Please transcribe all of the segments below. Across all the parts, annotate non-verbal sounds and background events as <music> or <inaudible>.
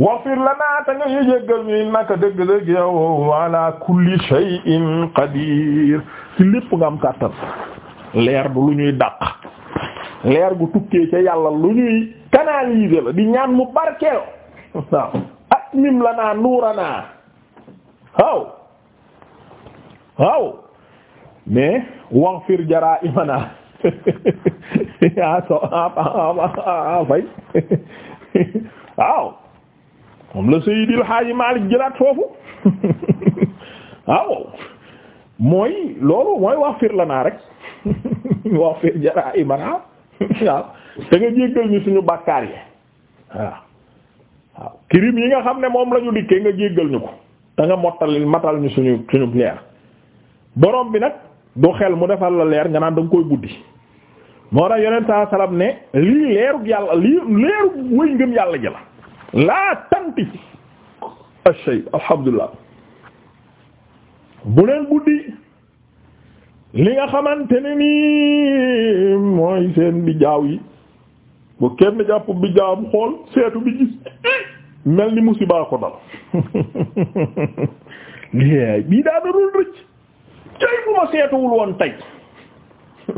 wafir lana ta nga ñu jéggal ñu innaka dëgg-dëgg yow ala kulli shay'in qadir ci lépp nga kàttan leer du lu ñuy dàq leer gu tukkee ca yàlla lu ñuy canaliser la di ñaan mu barkeel waaw atmim lana nuurana waaw waaw mais wafir jara'imana a moom la Seydil Haaji Malik jëlaat foofu <laughs> waaw mooy loolu mooy wax <laughs> fir naa rek wax fir jaraa imanaa <laughs> waaw te nga jéggal ñu suñu bàkkaar yi waaw waaw kirim yi nga xam ne moom lañu ñu dikkee nga jéggal ñu ko te nga mottal matal ñu suñu suñu leer borom bi nag du xel mu defal la leer nga naan da koy buddi moo tax yonent saa salaam ne lii leerug yàlla lii leerug wëy ngëm yàlla ji laa tanti ashay alhamdulilah bu leen buddi li nga xamante ne nii mooy seen bi jaaw yi bu kenn jàpp bi jaawam xool seetu bi mel ni musiba ko dal <laughs> léegi bii daa darul rëcc cay bu ma seetuwul woon tey <laughs>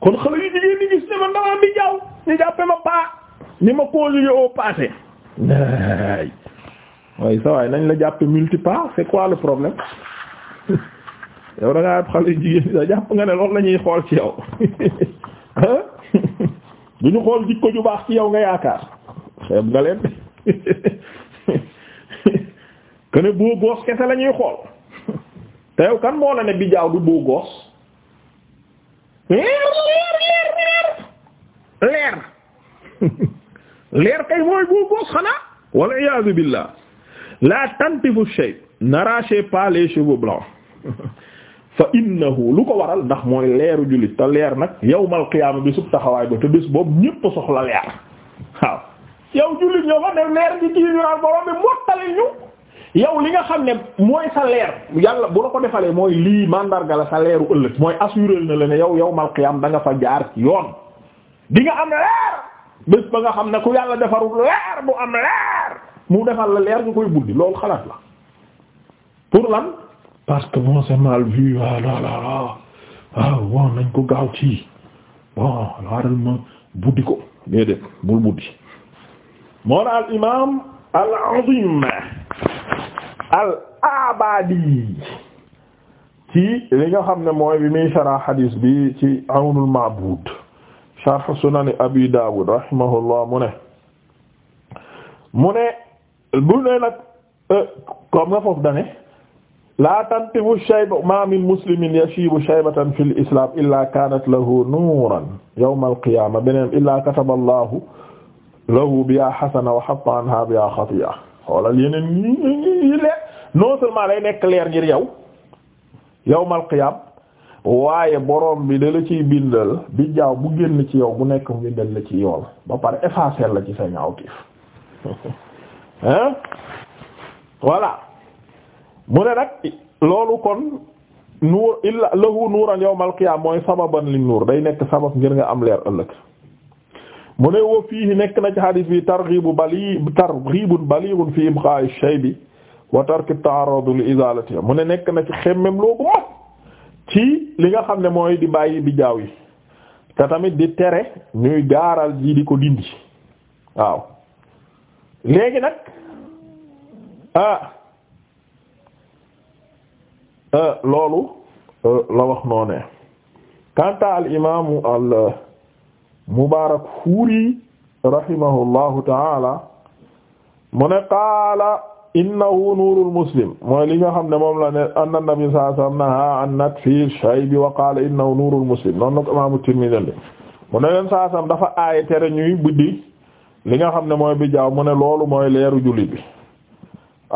kon xale yu jigéen ñi gis ne man damaa bi jaaw ñu jàppe ma paa ni ma conjugué au passé waay waaye sa nañ la jàppe multiple c'est quoi le problème <laughs> yow da ngaa xale jigéen sa jàpp nga ne loolu la ñuy xool ci yow <laughs> <laughs> du ñu xool jikko ju baax ci yow nga yaakaar xeeb nga leen kene beau gosse kese la ñuy xool te yow kan moo la ne bijaaw du beau gosse eh, leer leer kay mooy boo goos xanaa wal iyaazu billah la tantifu shay n'arrachez pas les cheveux <laughs> fa innahu lu ko waral ndax mooy leeru jullit te leer nag yawmal qiyaama bi taxawaay ba te bés boobu ñépp soxla leer waaw yow jullit ñoo fa def leer gi ci ñu naan borom bi mottali ñu yow li nga xam ne mooy sa leer yàlla bu la ko defalee mooy lii mandarga la sa leeru ëllëg mooy assuré na la ne yow yawmal qiyaama da nga fa jaar ci yoon di nga am leer bés ba nga xam ne ku yàlla defarul leer bu am leer mu defal la leer nga koy buddi loolu xalaat la pour lan parce que bon c'est mal vu ah là là ah, ah bon nañ ko gaaw ci bon laaral ma buddi ko déedéet bul buddi moo na al imam al azim al abadi ci li nga xam ne mooy bi muy sarah hadis bi ci awnul ma'bud sharh sunani abi dawud rahimahullah mu ne mu ne bu ne nag comme nga foofu dane la tantifu shayba ma min muslimin yashibu shaybatan fil islam illa kanat lahu nuran yawm al qiyamah beneen illa kataba allahu lahu biha hasana wa hatta anha biha khati'a xoolal yeneen ñi ñi ñi non seulement lay nekk leer ngir yow yawm al qiyamah waaye boroom bi da la ciy bindal bi jaaw bu génn ci yow bu nekk mu bindal ci yool ba pare effacer la ci sa ñaawteef <laughs> hein voilà mu ne nag loolu kon nuur illa lahu nuuran yawmal qiyaam mooy sababan li nuur day nekk sabab ngir nga am leer ëllëg mu ne woo fii nekk na ci hadis bi targhibu bali targhibun balighun fi ibqa'i shaybi wa tarki ta'arrud li izalatihi mu ne nekk na ci xemmem loo ko ci li nga xam ne mooy di bàyyi bi jaaw yi te tamit di tere ñuy gaaral ji di ko dindi waaw léegi nag ah, ah loolu euh, la wax noonu ne kanta al imaamu al mubaarak fuuri rahimahullahu taala mu ne qaala innahu nuurul muslim mooy li nga xam ne moom la ne anna nabi sallallahu alayhi wasallam naha an natfi shaybi wa qala innahu nuurul muslim noonu ko imaamu Tirmidhi mu ne leen sallallahu dafa aaye tere ñuy buddi li nga xam ne mooy bi jaaw mu ne loolu mooy leeru julli bi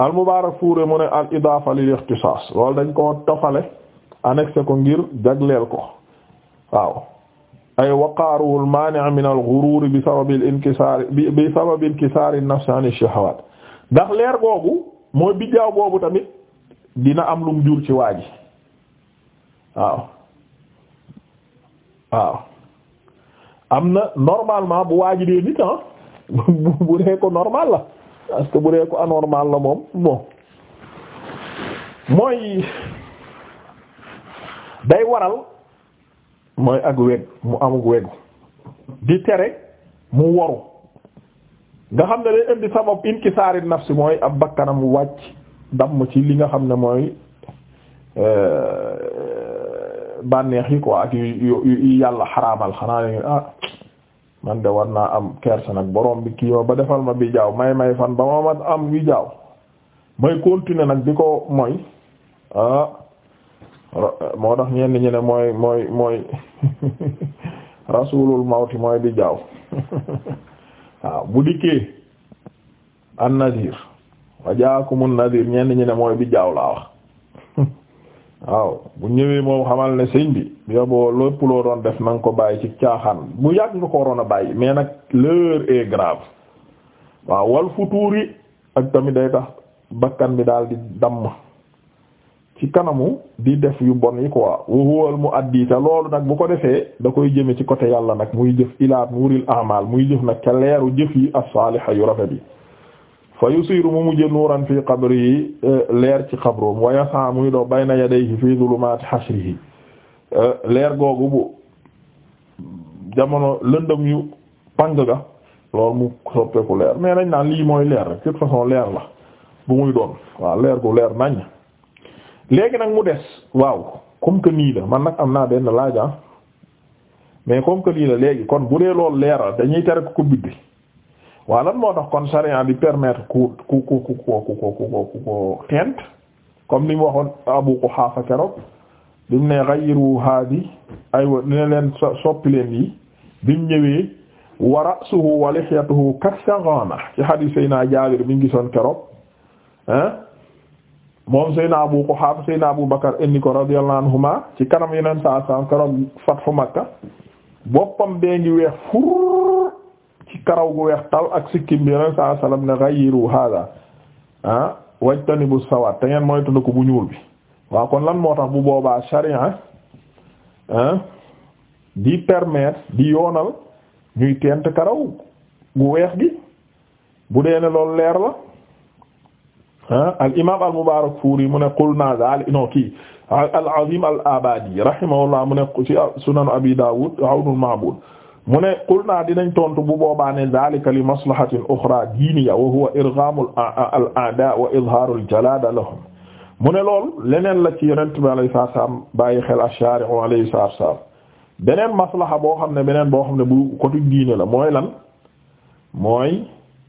al mubaarak fuure mu ne al idaafa lil ixtisaas loolu dañ ko tofale annexé ko ngir jagleel ko waaw ay waqaaruhu al maani' min al ghuruur bi sababi al inkisaar bi sababi inkisaar an-nafs an nafs an ash ndax leer googu mooy bijjaaw boobu tamit dina am lum jur ci waa ji waaw waaw am na normalement bu waa ji dee nit ah <laughs> bu dee ko normal la parce que bu dee ko anormal la moom bon mooy day waral mooy ak weg mu amuk wegu di tere mu woru nga xam ne day indi sabab inkisaari si mooy ab bakkanam wàcc damm ci li nga xam ne mooy euh, bànneex yi ko ak yu yàlla xaraamal xanaa ne ah man de war naa am kersa nag borom bi kii ma ba defal ma bi jaaw may may fan ba ma ma am bi jaaw may continuer nag di ko mooy ah moo tax ñenn ñi ne mooy mooy mooy <laughs> rasulul mawti mooy bi jaaw <laughs> waaw bu dikkee an nazir wajaakumun nazir ñenn ñi ne mooy bi jaaw wax <laughs> waaw bu ñëwee moom xamal ne sëñ bi yoboo lépp loo doon def na ko bàyyi ci caaxaan mu yàgg nga ko a bàyyi mais nag l'heure est grave waaw wal futuuri ak tamit day tax bakkan bi daal di damm ci kanamu di def yu bon yi ko wa huwa al muaddi ta loolu nag bu ko defee da koy jëme ci côté yàlla nag muy jëf ilaa nuuril a'mal muy jëf nag ca leeru jëf yi as-saaliha yu rafet yi fa yusiru mu mujj nuuran fi yi e, leer ci xabroom wa yasa muy doo bayna yadayhi fi zulumaati hashrihi e, leer googu bu jamono lëndëm yu pang ga loolu mu soppeeku leer mais dañ naan lii mooy leer rek de façon leer la bu muy doon waaw leer gu leer nañ léegi nag mu des waaw comme que nii la man nag am naa benn laaj mais comme que nii la léegi kon bu dee loolu leeral dañuy tere ko biddi waa lan moo tax kon sharia di permettre ku ku ku ku ku ku ku tent comme li mu waxoon Abu Quhafa keroog bi mu ne ghayru haadi aywa ne leen soppi leen yi bi mu ñëwee wa ra'suhu wa lihyatuhu kashaghana ci hadith naa Jaabir bi ñu gisoon keroog moom Seydina Abu Quhafa Seydina Abu Bakar indi ko radiyallahu anhuma ci kanam yeneen saa saam keroog fathu Makka boppam bee ngi weex fur ci karaw gu weex tal ak sikkim bi yeneen saa salam ne ghayyiru hada ah wajtanibu sawaat te ngeen moytu ko bu ñuul bi waa kon lan moo tax bu boobaa sharia ah, di permettre di yoonal ñuy tent karaw gu weex gi bu dee ne loolu leer la. al imaam al Mubaarakfuuri mu ne qulnaa zaalik non kii al Aziim al Abaadi rahimahullah mu ne ci sunan Abi Daawuud Awnul Ma'buud mu ne qulnaa dinañ tontu bu boobaa ne zaalika li maslahatin uxraa diiniya wa huwa irghaamul a'daa wa izhaarul jalaada lahum mu ne lool leneen la ci Yonent bi alayhi salaatu salaam bàyyi xel ash-shaari'u alayhi salaatu salaam beneen maslaha boo xam ne beneen boo xam ne bu côté diine la mooy lan mooy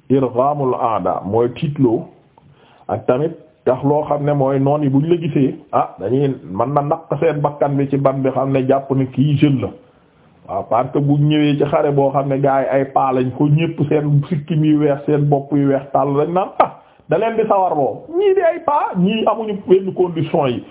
irghaamul a'daa mooy tiitloo ak tamit tax loo xam ne mooy noon yi buñ la gisee ah dañuy man na naq seen bakkan bi ci ban bi xam ne jàpp ne kii jeune la waaw parce que buñ ñëwee ci xare boo xam ne gars yi ay paa lañ ko ñépp seen sikkim yu weex seen bopp yu weex tàll dañ naan ah da leen di sawar loo ñii di ay paa ñii amuñu benn condition yi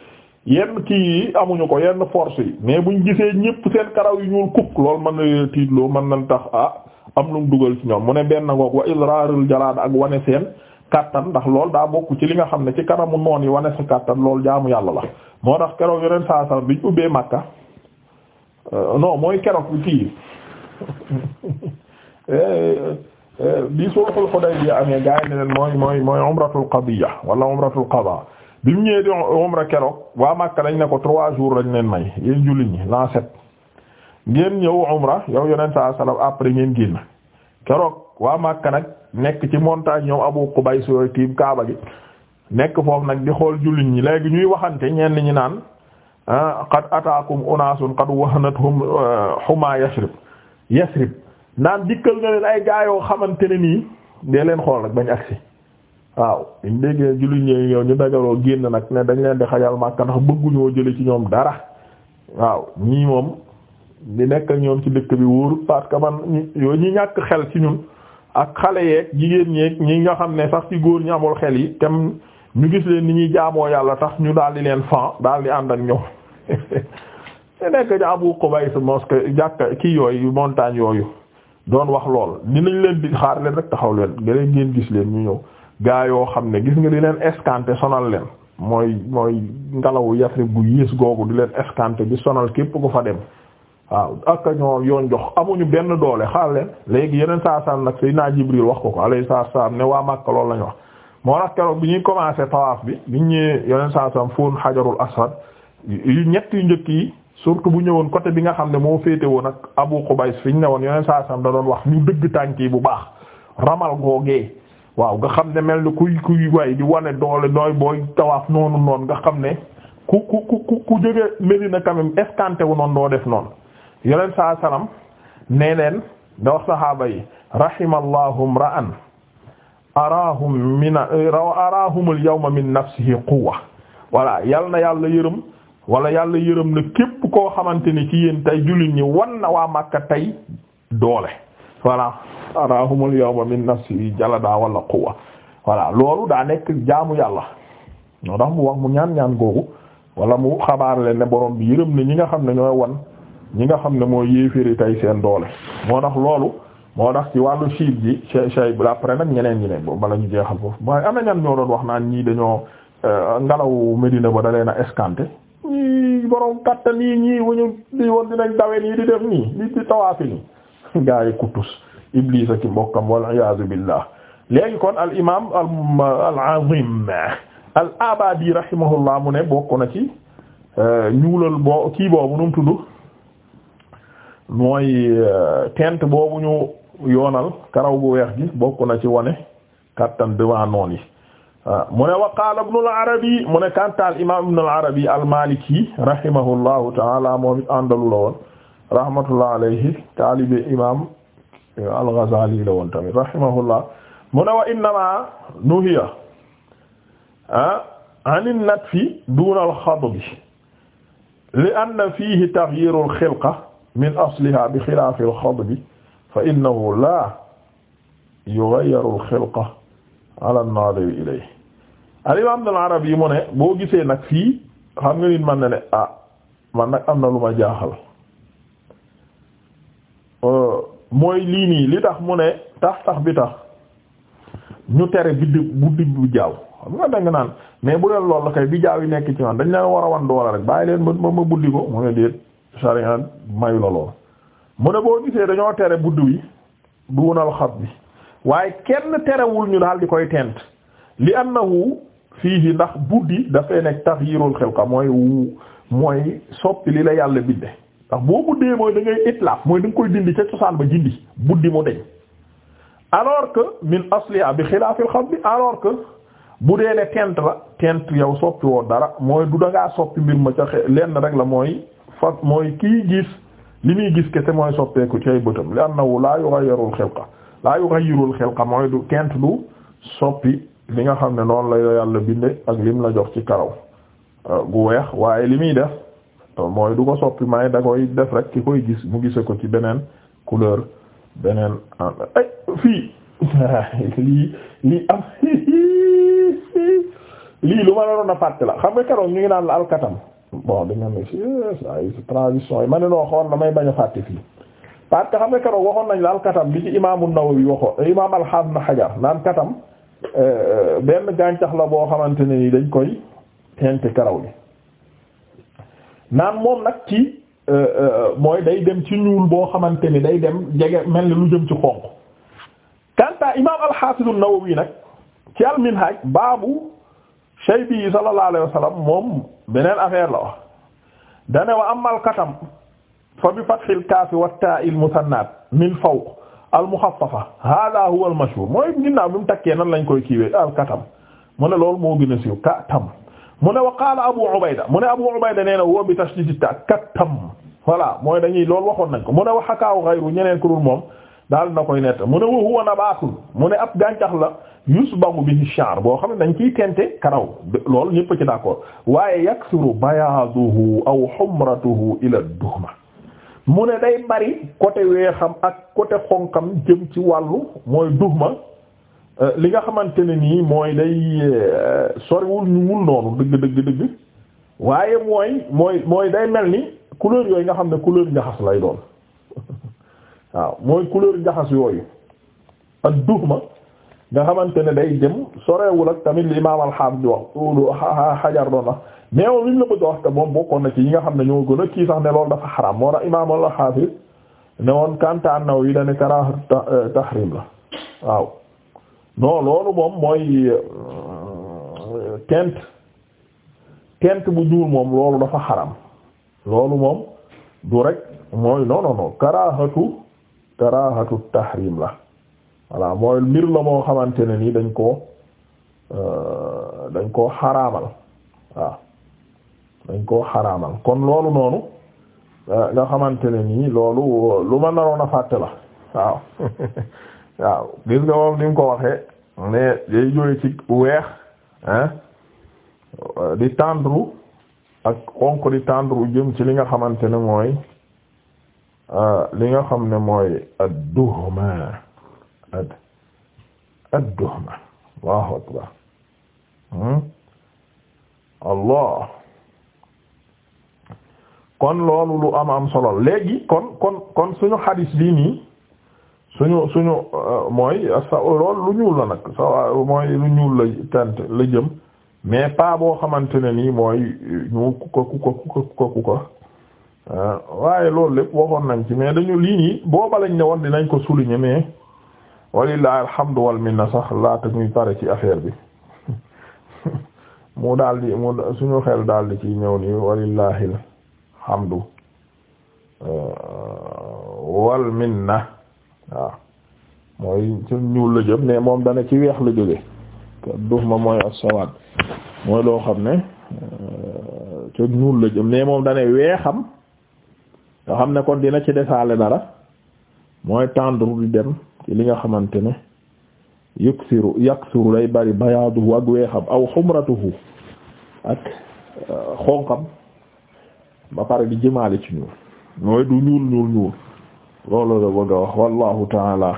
yenn kii yi amuñu ko yenn force yi mais buñ gisee ñépp seen karaw yi ñuul kukk loolu mën tiit tiitloo mën na tax ah am lu mu dugal ci ñoom mu ne benn ngoog wa israrul ak wane seen kattan ndax lool daa bokk ci li nga xam ne ci kanamu noon yi wane sa kattan loolu jaamu yàlla la moo tax keroog yeneen saa saa biñ ubbee Makka euh, non mooy keroog fii bi <laughs> eh, eh, sulhul Hudaybiya amee gaa yi ne leen mooy mooy mooy umratul qadiya wala umratul qada bi mu ñëwee di umra keroog waa Makka dañ ne ko trois jours lañ leen may yéen jullit ñi l'an sept ngeen ñëw umra yow yeneen saa saa après ngeen génn keroog waa Makka nag. nekk ci montagne ñoom Abu bay yooyu tiim Kaaba gi nekk foofu nag di xool jullit ñi léegi ñuy waxante ñenn ñi naan ah, qad ataakum unaasun qad wahanathum ah, huma yasrib yasrib naan dikkal na leen ay gaayoo xamante ne nii de leen xool rek bañ agsi waaw ñu déggee jullit ñi yow ñu dagaloo génn nag ne dañ leen di xajal Makka ndax bëgguñoo jële ci ñoom dara waaw ñii moom di nekk ñoom ci dëkk bi wuur parce man yooyu ñu ñàkk xel ci ñun ak xale yeeg jigéen ñeeg ñi nga xam ne sax ci góor ñi amul xel yi tam ñu gis leen ni ñuy jaamoo yàlla tax ñu daal di leen fan daal di ànd ak ñoom <laughs> te nekk Abu Qubays mosquée jàkka kii yooyu montagne yooyu doon wax lool dinañ leen di xaar leen rek taxaw leen nga leen ngeen gis leen ñu ñëw gaa yoo xam ne gis nga di leen escanter sonal leen mooy mooy ngelawu Yasrib gu yées googu di leen escanter bi sonal képp ku fa dem. waaw ak ñoo yoon jox amuñu benn doole xaar leen léegi yeneen saa saam nag Seydina Jibril wax ko ko alayhi salaam ne waa Makka loolu lañu wax moo tax keroog bi ñuy commencé tawaaf bi bi ñuy yeneen saa saam fóon xajarul aswad yu ñett yu njëkk yi surtout bu ñëwoon côté bi nga xam ne moo féete woon ak Abu Qubays fi ñu ne woon yeneen saa saam da doon wax ñu dëgg tànk yi bu baax ramal googee waaw nga xam ne mel ni kuy kuy way di wane doole nooy booy tawaaf noonu noonu nga xam ne ku ku ku ku jóge Medina quand wu noonu doo def noonu yoleen saa salaam nee leen da wax saxaaba yi rahimallahu imra'an araahum min araahum al min nafsihi quwwa walla yal yàlla yërëm wala yàlla yërëm na képp koo xamante ni ci yéen tey jullit ñi wan na waa Makka tey doole voilà araahum al min nafsihi jalada wala quwwa voilà loolu daa nekk jaamu yàlla ñoo tax mu wax mu ñaan ñaan googu wala mu xabaar leen ne bi yërëm na ñi nga xam ne ñooy wan ñi nga xam ne moo mooy yéeféeri tay seen doole moo tax loolu moo tax ci wàllu chiite ji chay chay après nag ñeneen ñi ne boobu bala ñu jeexal foofu mooy am na ñan ñoo doon wax naan ñii dañoo euh, ngelaw Medina ba da leen a escanté ñii borom yi ñii wuñu di woon dinañ dawe nii di def nii li di tawaafi nii <laughs> gaa yi kutus Iblis ak mbokkam wal iyaazu mu ne bokk na ci euh, ñuulal boo kii boobu nu mu tudd. mooy euh, tent boobu ñu yoonal karaw gu weex gi bokk na ci wane kattan devant noon yi ah, mu ne wa qaala ibnu arabi mu ne kantaal imam ibnu arabi al-Maliki rahimahullahu taala moom àndalu la woon rahmatullah alayhi taalibe imam al-Ghazali la woon tamit rahimahullah mu ne wa innama nuhiya ah, an natfi duna al-xadbi li anna fihi taghyir al min asliha bi xilaafi alxadbi fa innahu laa yughayyaru alxilqa ala an-naadiri ilayhi al yi mu ne boo gisee nag fii xam man na ne ah am na lu ma jaaxal euh, mooy lii nii li tax mu ne tax tax bi tax ñu tere biddi bu biddi jaaw xam nga danga naan mais bu dee loolu la kay bi jaaw yi nekk ci man dañ leen war a wan doole rek bàyyi leen ma ma buddi ko mu ne déet sariyaan mayu la lool mu ne boo gisee dañoo tere budd wi duunal xab bi waaye kenn terewul ñu daal di koy tent li fii fiihi ndax buddi dafay nekk taxyirul xilqa mooy mooy soppi li la yàlla binde ndax boo buddee mooy da ngay itlaaf mooy da nga koy dindi ca cosaan ba jindi buddi mu deñ alors que min asliha bi xilaafil xab bi alors que bu dee ne tent la tent yow soppi woo dara mooy du dangaa soppi mbir ma ca lenn rek la mooy fas mooy kii gis li muy gis kese mooy soppeeku ci ay bëtam li wu laa yughayyiru al-xilqa laa yughayyiru al-xilqa mooy du kent du soppi li nga xam ne noonu la yàlla binde ak lim la jox ci karaw euh, gu weex waaye li muy def mooy du ko soppi may da koy def rek ki koy gis mu gise ci beneen couleur beneen ay fii <laughs> <laughs> lii lu ma la doon a fàtte la xam nga keroog ñu ngi naan la alkatam bon dañoo ne si transition ma ne noo xool damay bañ a fàtte fii parce que xam nga keroog waxoon nañ laal katam bi ci imaamu Nawawi waxoon imaam alxaam na xajar naan katam euh, benn gàncax la boo xamante ne ni dañ koy teente karaw li naan moom nag ci euh, euh, mooy day dem ci ñuul boo xamante ni day dem jege mel ni lu jëm ci xonq kanta imaam alxaafidu Nawawi nag ci al baabu Shaybi sallallahu alayhi wa sallam moom beneen affaire la wax dane wa amal katam fa bi fathil kaafi wa taa'il musannaat min fawq al mukhaffafa hada huwa al mashhur mooy ginnaaw bi mu takkee nan lañ koy kiiwee al katam mu ne loolu moo gën a siiw katam mu ne wa qaala Abu Ubayda mu ne Abu Ubayda nee na huwa bi tashdid ta katam voilà mooy dañuy loolu waxoon nañ ko mu ne wa hakaahu ghayru ñeneen ku dul moom. daal na koy nett mu ne wa huwa nabaatun mu ne ab gàncax la yusbagu bihi sha'r boo xam ne dañ ciy tente karaw loolu ñëpp ci d'accord waaye yaksuru bayaaduhu aw humratuhu ila duhma mu ne day bari côté weexam ak côté xonqam jëm ci wàllu mooy duhma euh, li nga xamante ne nii mooy day euh, soriwul ñuul noonu dëgg dëgg dëgg waaye mooy mooy mooy day mel ni couleur yooyu nga xam ne couleur njaxas lay doon waaw mooy couleur jaxas yooyu ak duhma nga xamante ne day jëm sorewul ak tamit li imaam alxaam di wax loolu xajar doon wax mais moom li ñu la a moom bokkoon na ci yi nga xam ne ñoo gën a kii sax ne loolu dafa xaram moo tax al-Xaafis ne woon Kanta an-Nawawi da ne karaaha euh, tahrim la waaw non loolu moom mooy euh, teint teint bu ñuul moom loolu dafa xaram loolu moom du rek mooy non karaahatu karahatu tahrim la voilà mooy mbir la moo xamante ne ni dañ ko euh, dañ koo xaraamal waaw dañ ko xaraamal kon loolu noonu euh, nga xamante ne ni loolu lu ma naroon a fàtte la waaw <laughs> waaw gis nga moom ni mu ko waxee mais day jóge ci weex di tendre ak onk di tendre jëm ci li nga xamante ne mooy Euh, li nga xam ne mooy ad-duhma ad ad-duhma hmm? Allah kon loolu lu am am solo léegi kon kon kon suñu xadis bii nii suñu suñu euh, mooy sa loolu lu ñuul la nag sa mooy lu ñuul la tent la jëm mais pas boo xamante ne nii mooy ñu ku ko ku ko ko Ah, waaye loolu lépp waxoon nañ ci mais dañu lii nii booba lañ ne woon dinañ ko souligner mais walillahi alhamdu wal minna sax laata ñuy pare ci affaire bi <laughs> mu daldi di mu suñu xel daal ci ñëw nii walillahi alhamdu ah, wal minna mooy ci ñuul la jëm mais ci weex la jóge dux ma ne ah, ci la jëm mais moom dana weexam nga xam ne kon dina ci desaale dara mooy tendre di dem ci li nga xamante ne yuksiru yaksuru day bari bayaaduhu ak weexam aw xumratuhu ak euh, xonqam ba pare di jëmaale ci ñuul mooy du ñuul ñuul loolu la bëgg a wax wallahu taala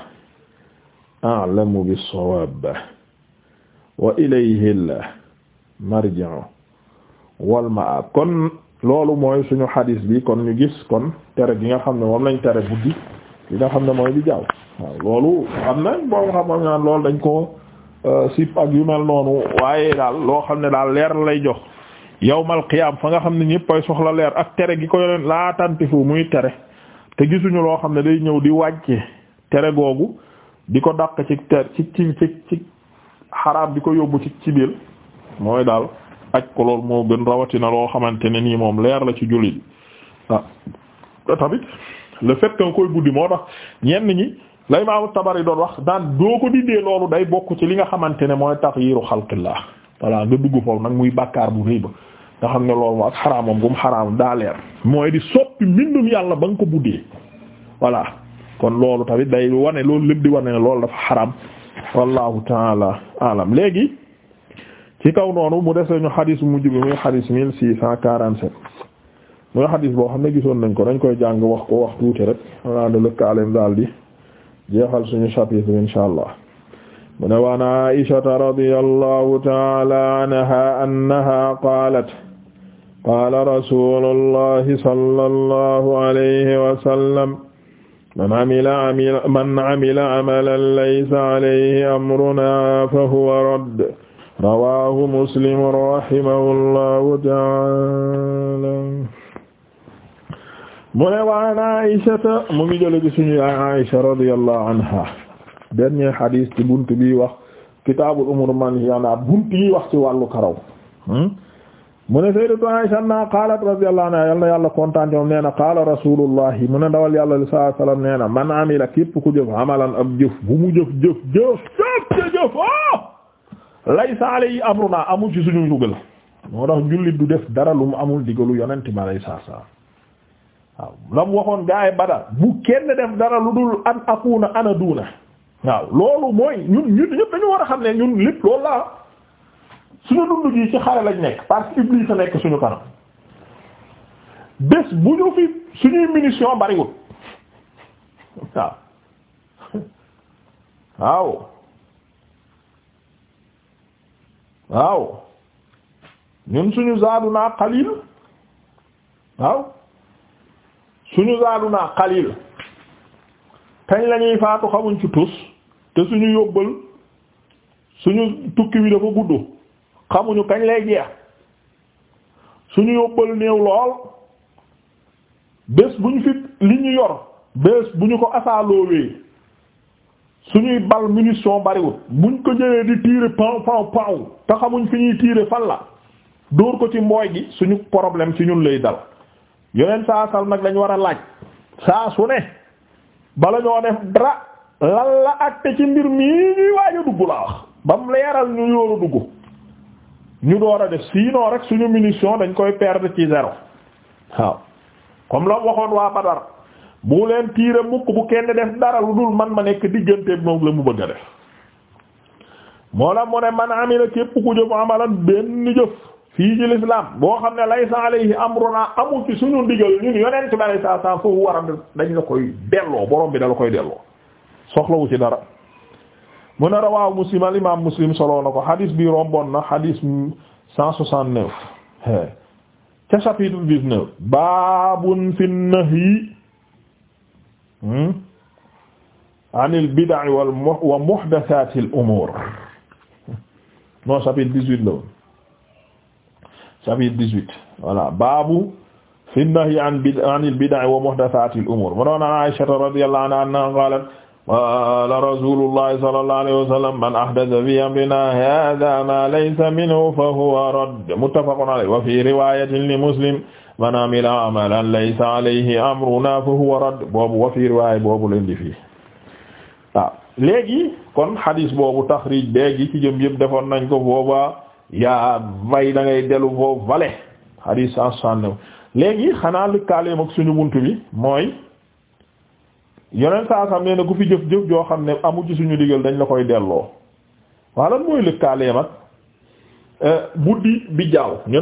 a'lamu bis-sawab wa ilayhi al-marji'u wal kon loolu mooy suñu xadis bi kon ñu gis kon tere bi nga xam ne moom lañ tere guddi li nga xam ne mooy bi jaaw waaw loolu am na boo xam nga loolu dañ ko euh, sip ak yu mel noonu waaye daal loo xam ne daal leer lay jox yawmal qiyaam fa nga xam ne ñëpp ay soxla leer ak tere gi ko yoneen laa tantifu muy tere te gisuñu loo xam ne day ñëw di wàcce tere googu di ko dàq ci ter ci ci ci ci xaraam di ko yóbbu ci ci biir mooy daal aj ko lool moo gën rawatina loo xamante ne nii moom leer la ci jullit ah tamit le fait que nga koy buddi moo tax ñenn ñi lay tabar Tabari doon wax daan doo ko dindee loolu day bokk ci li nga xamante ne mooy tax taxyiru xalqillah voilà nga dugg foofu nag muy bàkkaar bu rëy ba nga xam ne loolu moom ak xaraamam gum xaraamam daa leer mooy di soppi mbindum yàlla ba nga ko buddee voilà kon loolu tamit day wane loolu lépp di wane loolu dafa xaraam wallahu taala léegi ci kaw noonu mu dese ñu xadis mujj bi muy xadis mille six cent muy xadis boo xam ne gisoon nañ ko dañ koy jàng wax ko wax tuuti rek xanaa ne lëkkaalem daal di jeexal suñu chapitre bi insha allah mu ne waan aishata radiyallahu taala anha qaalat qaala rasulullahi sallallahu alayhi wa sallam man amila amila man amila amalan laysa alayhi rawaahu muslim rahimahullahu taala mu ne wa an Aysata mu ngi jële ci suñu Aysa radiyallahu anha dernier hadith ci bunt bi wax kitaabul umuur manhiya bunt yi wax ci wàllu karaw mu ne sayyidatu Aysa na qaalat radiyallahu anha yal na yàlla kontaan moom nee na qaala rasuulullahi mu ne ndawal yàlla sallallahu alayhi wa sallam nee na man amila képp ku jëf amalan ab jëf bu mu jëf jëf jëf jëf jëf laysa alayhi amruna amul ci suñu ndigal moo tax jullit du def dara lu mu amul ndigalu yonent ma lay saa saa waaw la mu waxoon gaay Badar bu kenn def dara lu dul an akuna ana waaw loolu mooy ñun ñun ñëpp dañu war a xam ne ñun lépp loolu la suñu dund gi ci xare lañ nekk parce que nekk suñu kanam bés bu ñu fi suñuy munition bariwul waaw waaw ñun suñu zaaduna qalil waaw suñu zaaduna qalil kañ la ñuy faatu xamuñ ci tus te suñu yóbbal suñu tukki bi dafa gudd xamuñu kañ lay jeex suñu yóbbal néew lool bés bu ñu fi li ñu yor bés bu ñu ko asaaloowee suñuy bal munition bariwut buñ ko jëlee di tirer paw paw paw te xamuñ fi ñuy tirer fan la dóor ko ci mbooy gi suñu problème ci ñun lay dal yeneen saa sal nag lañ war a laaj saa su ne bala ñoo def dara lan la àtte ci mbir mi ñuy waaj a dugg laa wax ba mu leeral ñu yóoru dugg ñu door a def sinon rek suñu munition dañ koy perdre ci zéro waaw comme la waxoon waa Badar bu leen tiire mukk bu kenn def dara lu dul man ma nekk diggante moom la mu bëgg a def moo la mu ne man amila képp ku jëf amalan benn jëf fii ci l'islam boo xam ne laysa alayhi amruna amul ci suñu ndigal ñun yonent bi alayhi salaam foofu war a dañ la koy delloo borom bi da la koy delloo soxlawu ci dara mu ne rawaaw muslim al imaam muslim soloo na ko hadis bi rombon na hadis cent soixante neuf ca chapitre dix baabun fi nahyi Hmm? anil bid'a wal wa muhdathatil umur non chapitre dix-huit la woon chapitre dix-huit voilà baabu fi nahyi an bid anil bid'a wa muhdathatil umur mu doon an Aisha radiyallahu anha qalat qala rasulullahi sallallahu alayhi wa sallam man ahdatha fi amrina hadha ma laysa minhu fa huwa radd muttafaqun alayhi wa fi riwayatin li Muslim man amila amalan laysa alayhi amruna fa huwa radd boobu wa waaye boobu leen di fii waaw ah, léegi kon hadis boobu taxrij léegi ci jëm yëpp defoon nañ ko booba yaa bay da ngay dellu boobu vale hadis cent léegi xanaa lëkkaaleem ak suñu bunt bi mooy yeneen saa xam ne ku fi jëf-jëf joo xam ne amu ci suñu digal dañ la koy delloo waalan mooy lëkkaaleem ak Euh, buddi bi jaaw ñu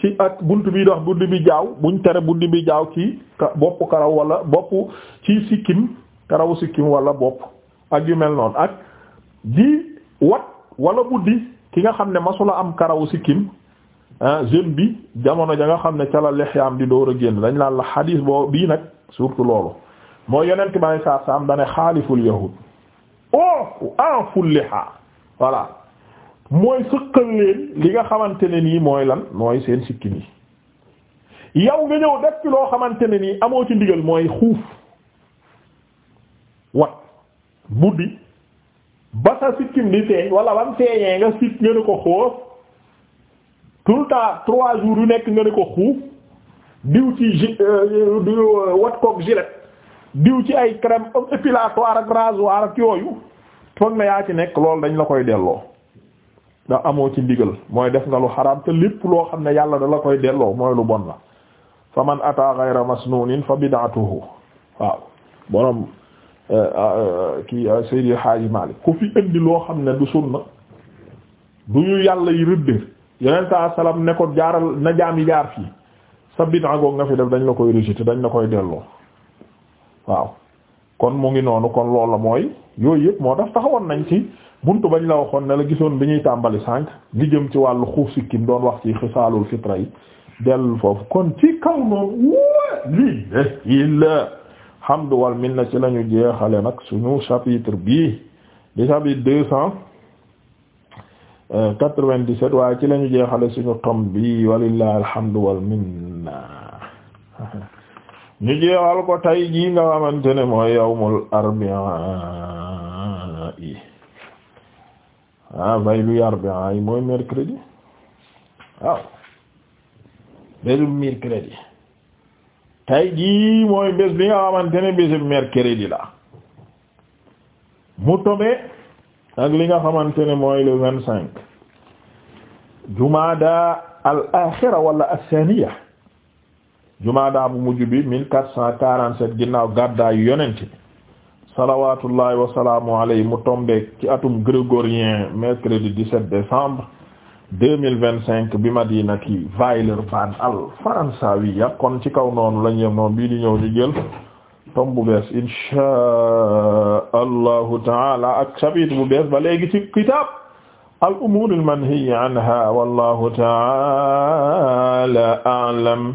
ci ak buntu bi dox buddi bi jaaw buñ tere buddi bi jaaw ci boppu karaw wala boppu ci sikkim karawu sikkim wala bopp ak yu mel noonu ak di wat wala buddi ki nga xam ne masula am karawu sikkim ah, jeune bi jamono ja nga xam ne ca la lexyaam di door a génn dañ laan la xadiis boo bii nag surtout loolu moo yonent bi alay saat salam dane xaaliful yahud o oh, aful liha voilà mooy sëqal leen li nga xamante ne nii mooy lan mooy seen sikkin yi yow nga ñëw def ci loo xamante ne nii amoo ci ndigal mooy xuuf wat buddi ba sa sikkin di feeñ wala bam feeñee nga sikk nga ne ko xóof tout le temps trois jours yu nekk nga ne ko xuuf diw ci gi euh, euh, wat koog gilet diw ci ay crème épilatoire ak rasoir ak yooyu foog na yaa ci nekk loolu dañ la koy delloo ndax amoo ci ndigal mooy def nga lu xaraam te lépp loo xam ne yàlla da la koy delloo mooy lu bon la fa man ata ghayra masnunin fa bid'atuhu waaw borom euh, euh, kii euh, Seydi Haaji Maalik ku fi indi loo xam ne du sunna du ñu yàlla yi rëdd yeneen saa salaam ne ko jaaral na jaam jaar fii sa bid'a goog nga fi def dañ la koy rejeté dañ la koy delloo waaw kon mu ngi noonu kon loolu mooy yooyu yëpp moo tax taxawoon nañ ci buntu bañ la waxoon ne la gisoon bi ñuy tàmbali sànq li jëm ci wàllu xuuf sikkim doon wax ci xisaalul fitra yi dellu foofu kon ci kaw noonu wóo lii illa hamdu wal minna ci lañu jeexale nag suñu chapitre bi di chapitre deux cent quatre vingt dix waaye ci lañu jeexale suñu tom bi walillahi alhamdu wal minna ñu jeexal ko tay jii nga xamante ne mooy yawmul arbi'a yi ah vaylu yarbi'a ah, yi mooy mercredi waaw bésu mercredi tey jii mooy bés bi nga xamante ne bésu mercredi la mu tombé ak li nga xamante ne mooy le vingt cinq jumaada al axira wala asaniya jumaada bu mujj bi mille quatre cent quarante sept ginnaaw gàddaayu yonent salawatullahi wasalaamu alayhi mu tombe ci atum grégorien mercredi 17 décembre 2025 bi madinati Villeurbanne al faransawiya kon ci kaw noonu la ñëw noonu bii di ñëw ñu jël tom bu bees inshaa allahu taala ak chapitre bu bees ba léegi ci kitab al umuur al manhiya anha wallahu taala a'lam